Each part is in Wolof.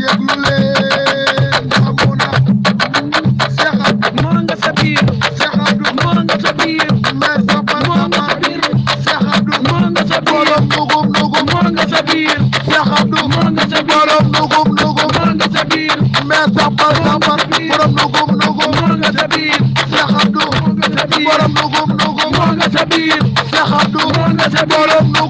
Borom nugum nugum, mo nga sa biir, sa xabdu, mo nga sa borom nugum.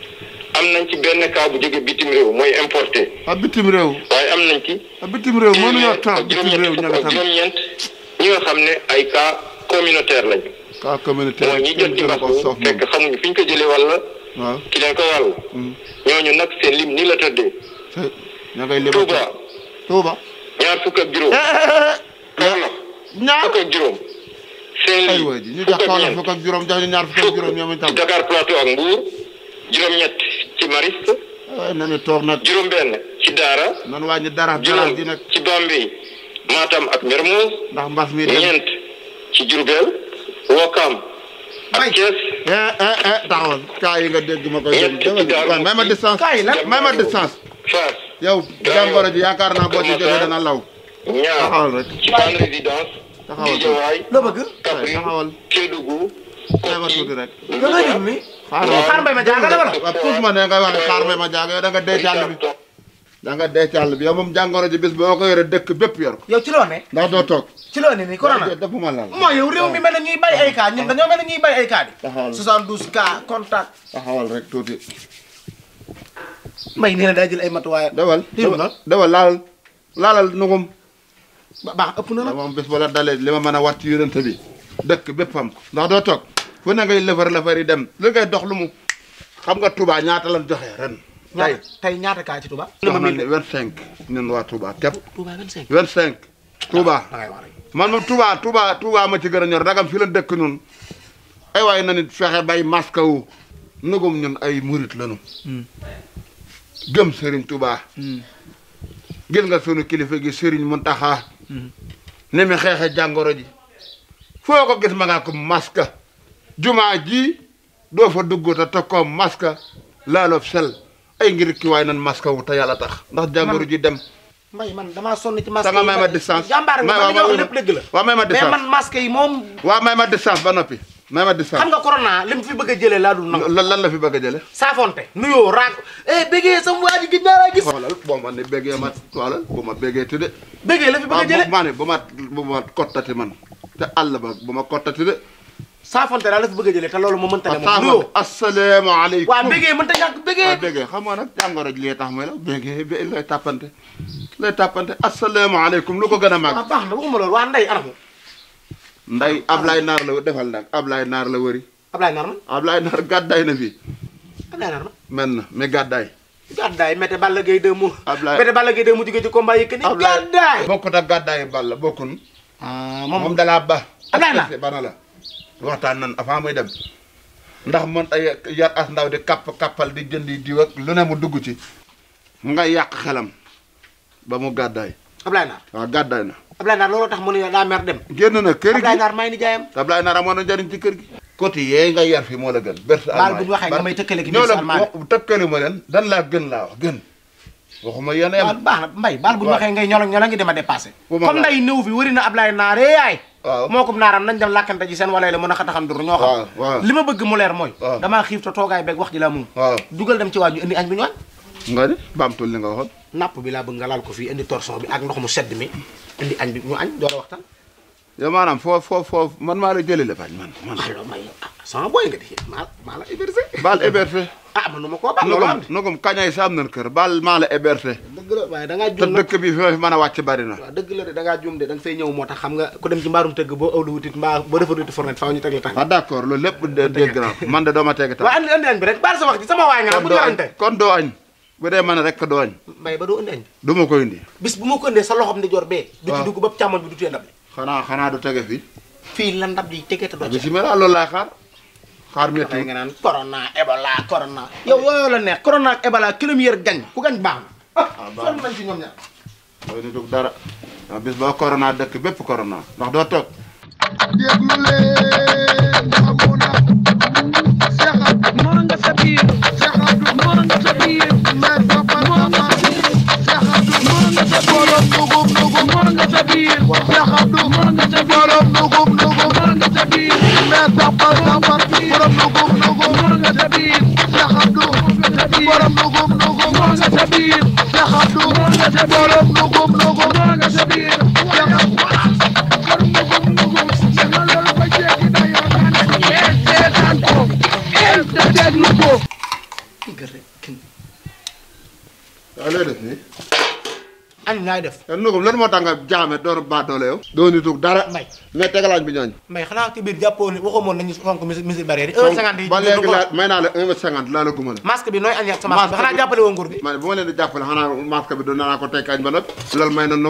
am nañ ci benn cas bu jóge bitim réew mooy importé. ah bitim réew. waaye am nañ ci. ah bitim réew mënuñoo taal bitim réew nga xam ne ay cas communautaire lañ. cas communautaire mooy ñi jot ci mbas mi fekk xamuñu fi ñu ko jëlee walla. waaw ki leen ko hmm. nag seen lim la tëddee. ñaar fukk ak juróom. Eh, eh, eh, ñaar fukk ak juróom. seen juróom jox ñu ñaar fukk ak juróom ñoom ñett mariste. waaye na ñu toog nag. juróom-benn ci daara. nan wàññi dara dara ji nag ci Bambey. Matam ak Mermoz. ndax mbas mi dem ñeent ci Diourbel. Wokam ak Thiès. Eh, eh, eh, taxawal kaa yi nga dégg ma koy. ñeent ci daara may ma distance may ma distance. Fass. yow jàngoro ji yaakaar naa boo ci jógee dana law. ñaar taxawal rek. ci ban résidence. taxawal loo bëgg taxawal Kédougou xaaral tuuti rek. nga nga mi. xaaral ne nga wax ne xaaral mbay ma jaaga yow da nga dee bi. moom jàngoro ji bis boo ko yore dëkk bépp yor ko. yow ndax doo toog. ci loo ne nii corona waaw dafa na ñuy bay ay cas ñun dañoo mel na ñuy bay ay cas bi. taxawal 72 cas contact. taxawal rek jël ay matuwaayam. dawal dawal laalal laalal nugum. ba baax ëpp na la moom bis boo a dalee li ma mën a wat ci yonent bi dëkk bépp am ko ndax doo toog fu ne ngay lëfar lëfar yi dem li ngay dox lu mu xam nga tubaa ñaata lan joxe ren. tey tey ñaata kaa ci Touba. jox nañ ne vingt cinq waa tubaa képp. Touba vingt cinq vingt man moom tubaa tubaa Touba ma ci gën a ñor dagam fi la dëkk ñun ay waay na nit fexe bay masque wu nugum ñun ay murit lañu. Hmm. gëm Serigne Touba. Hmm. gis nga sunu kilifa gi Serigne Mountakha. Hmm. ni mu xeexe jàngoro ji. foko gis ma nga ko maska juma ji do fa dugg te tokkoo masque laaloof sel ay ngir ki way nan maska wu ta yalla tax ndax jàngoro ji dem may man dama sonni ci maska yi may ma distance jambar nga man wax lépp dëgg la may ma distance man yi may ma distance ba nopi may ma distance xam nga corona lim fi bëgg jëlé la du dul lan la fi bëgg jëlé jëlee saafonte nuyoo eh bëggé sam waji gi gis naa gis xolal bo ma ne bëggé ma xolal bo ma bëggé tudé bëggé la fi bëgg jëlé jëlee ne bu ma bu ma kottati man te àll ba ba ma kottati de. saafante daal la fi bëgg a jëlee te loolu moo mënta ne moom nuyoo asalaamaaleykum waaw bégee mënta ñàkk bégee waaw bégee xam nga nag jàngoro ji lee tax may la bégee bi lay tàppante lay tàppante asalaamaaleykum lu ko gën a màgg. Ah, baax na waxuma loolu waa Ndeye Arafo. Ndeye Ablaye Naar la defal nag Naar la wëri. Ablaye Naar man Ablaye Naar gàddaay na bi Ablaye Naar man. mën na mais gàddaay. gàddaay mété Balla Gaye 2 mu. Ablaye mété Balla Gaye yi. Ablaye gàddaay bokkut ak gàddaay Balla bokkun Ah, moom moom dalaa ba. Ablaye la bana la waxtaan nan avant muy dem ndax man ay yar as ndaw di kapp kappal di jëndi diw ak lu ne mu dugg ci. nga yàq xelam ba mu gàddaay. Ablaye Naar waaw gàddaay na. Ablaye Naar looloo tax mu ne daa mer dem. génn na kër gi Ablaye Naar na kër gi. côté yee nga yar fi moo la gën. berse almaay baal nga may tëkkale gi. ñoo la tëkkale ma dan laa gën laa wax gën. waxuma yéen a baax na mbay baal bu ñu waxee ngay ñolo ñolo ngi dema dépassé comme nday néew fi wari na Ablaye naare eh, yaay moo ko naaram nañ dem làkkante ji seen walay la mën a xataxam dur ñoo xam bëgg mu leer mooy damaa xiif te toogaay beeg wax ji laa moom dugal dem ci waa ñu indi añ bi ñu añ nga di baamtul li nga waxoon napp bi laa bëgg nga laal ko fii indi torsion bi ak ndox mu sedd mi indi añ bi ñu añ door a waxtaan yow maanaam foo foo man maa la jëlee la bañ m sama boy nga di maa maa la hébergé. baal hébergé. ah man nu ma koo baal loolu am na comme kañay sa am nañ kër baal maa la hébergé. dëgg la waaye da ngaa juum te dëkk bi fi mën a wàcc bari na. waaw dëgg la de da ngaa juum de da nga fay ñëw moo tax xam nga ku dem ci mbaarum tëgg boo awlu wutit mbaa boo defar wutit fornet faaw ñu teg la tax. ah d' accord loolu lépp dégg naa man de doo ma teg tax. waaw andi andi añ bi rek baal sa wax ci sama waay nga la bu ñu warante kon doo añ bu dee man rek doo añ. mbay ba doo andi añ. du ma ko indi. bis bu ma ko indee sa loxom di jor bee. du ci ah. dugg ba càmmoñ bi du tee ndab li. xanaa xanaa du tege fii. fii la ndab li tege te doo ah, ci. bisimilah loolu laay xaar xaar métti nga naan corona Ebola corona. yow yooyu la neex corona ak Ebola kilomètre gañ ku gañ baax na. ah, ah baax nañ ci ñoom ñaar. loolu du dara. bis boo corona dëkk bépp corona. ndax doo toog. سبيل لخدوم ورم نغم نغم مونغا سبيل لخدوم ورم نغم نغم مونغا سبيل قرب كن على رتني anim laay def. te nugum lan moo tax nga jaame door baadoole yow. doo nitu dara. mbay mais tegalaaj bi ñooñu. mbay xanaa ci biir jàppoo ne waxumoon nañu fonk mesures barrières yi. may naa la 1 mètre la may nan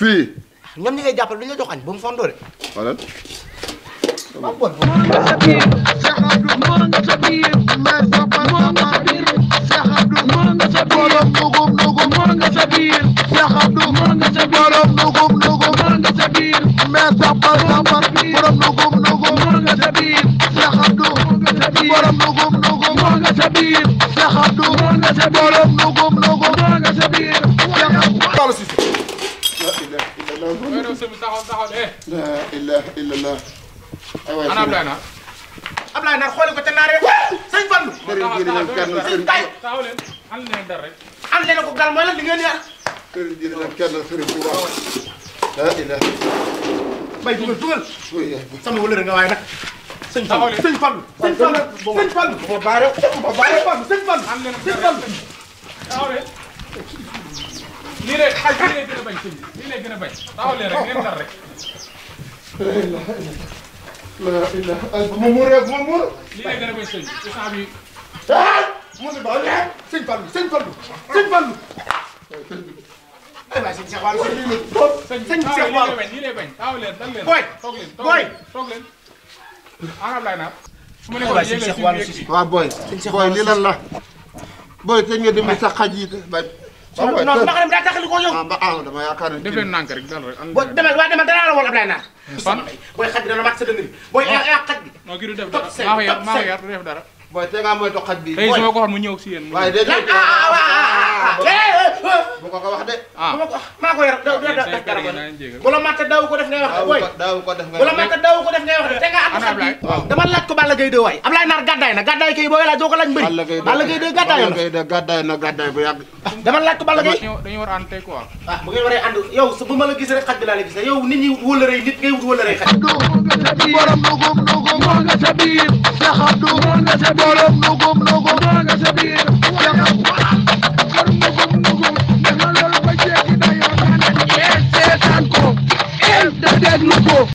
fii. Ah, ñoom ñi jàppale duñu la jox añ ba fondoo de. biir Cheikh Abdou doon nga sa biir mbooloom nugum nugum doon nga sa biir Baba Cissé la ilaha illallah ana Ablaye Nar Ablaye Nar xoole ko te naaree sëñ Fallu sëñ Kay taxaw leen an leen dara rek an leen ko gal mooy lan li ngeen yar kër gi dina kenn sëriñ bu baax la ilaha bay dugal dugal sama wëlëre nga waaye nag sëñ Fall sëñ Fall sëñ Fall sëñ Fall ba baare ba baare sëñ Fall sëñ Fall taxawle lii lay xaj lii lay gën a bañ sëñ lii lay gën a bañ taxawle rek ngeen tar rek la ilaha bu ma muur rek bu ma muur lii lay gën a bañ sëñ instant bi mu ne baale sëñ Fall sëñ Fall sëñ Fall waaw sëñ Cheikh Fall sëñ Cheikh Fall sëñ Cheikh Fall lii lay bañ lii lay bañ taxawle dal leen toog leen toog leen waaw booy. booy li lan la. booy te nga dem sa xaj yi bay. waaw booy non daa taxali ko yow. ah ba ah dama yaakaar ne. def leen nànk rek dal rek. boo demal waa demal danaa la woon Naar. fan booy xaj bi dana mat sa dënd bi. def dara maa ko yar maa ko yar def dara. te nga mooy dox xaj bi. tey su ma ko waxoon mu ñëw si yéen. waaye bu ko ko wax de maa ko boy bu la matt daw ko def ngay wax de te nga am xat bi dama laaj ko Balla Gaye 2 waay Ablaye Nar gàddaay ah bu ngeen waree ànd yow su bu ma la gis rek xaj bi laa la gis yow meu povo.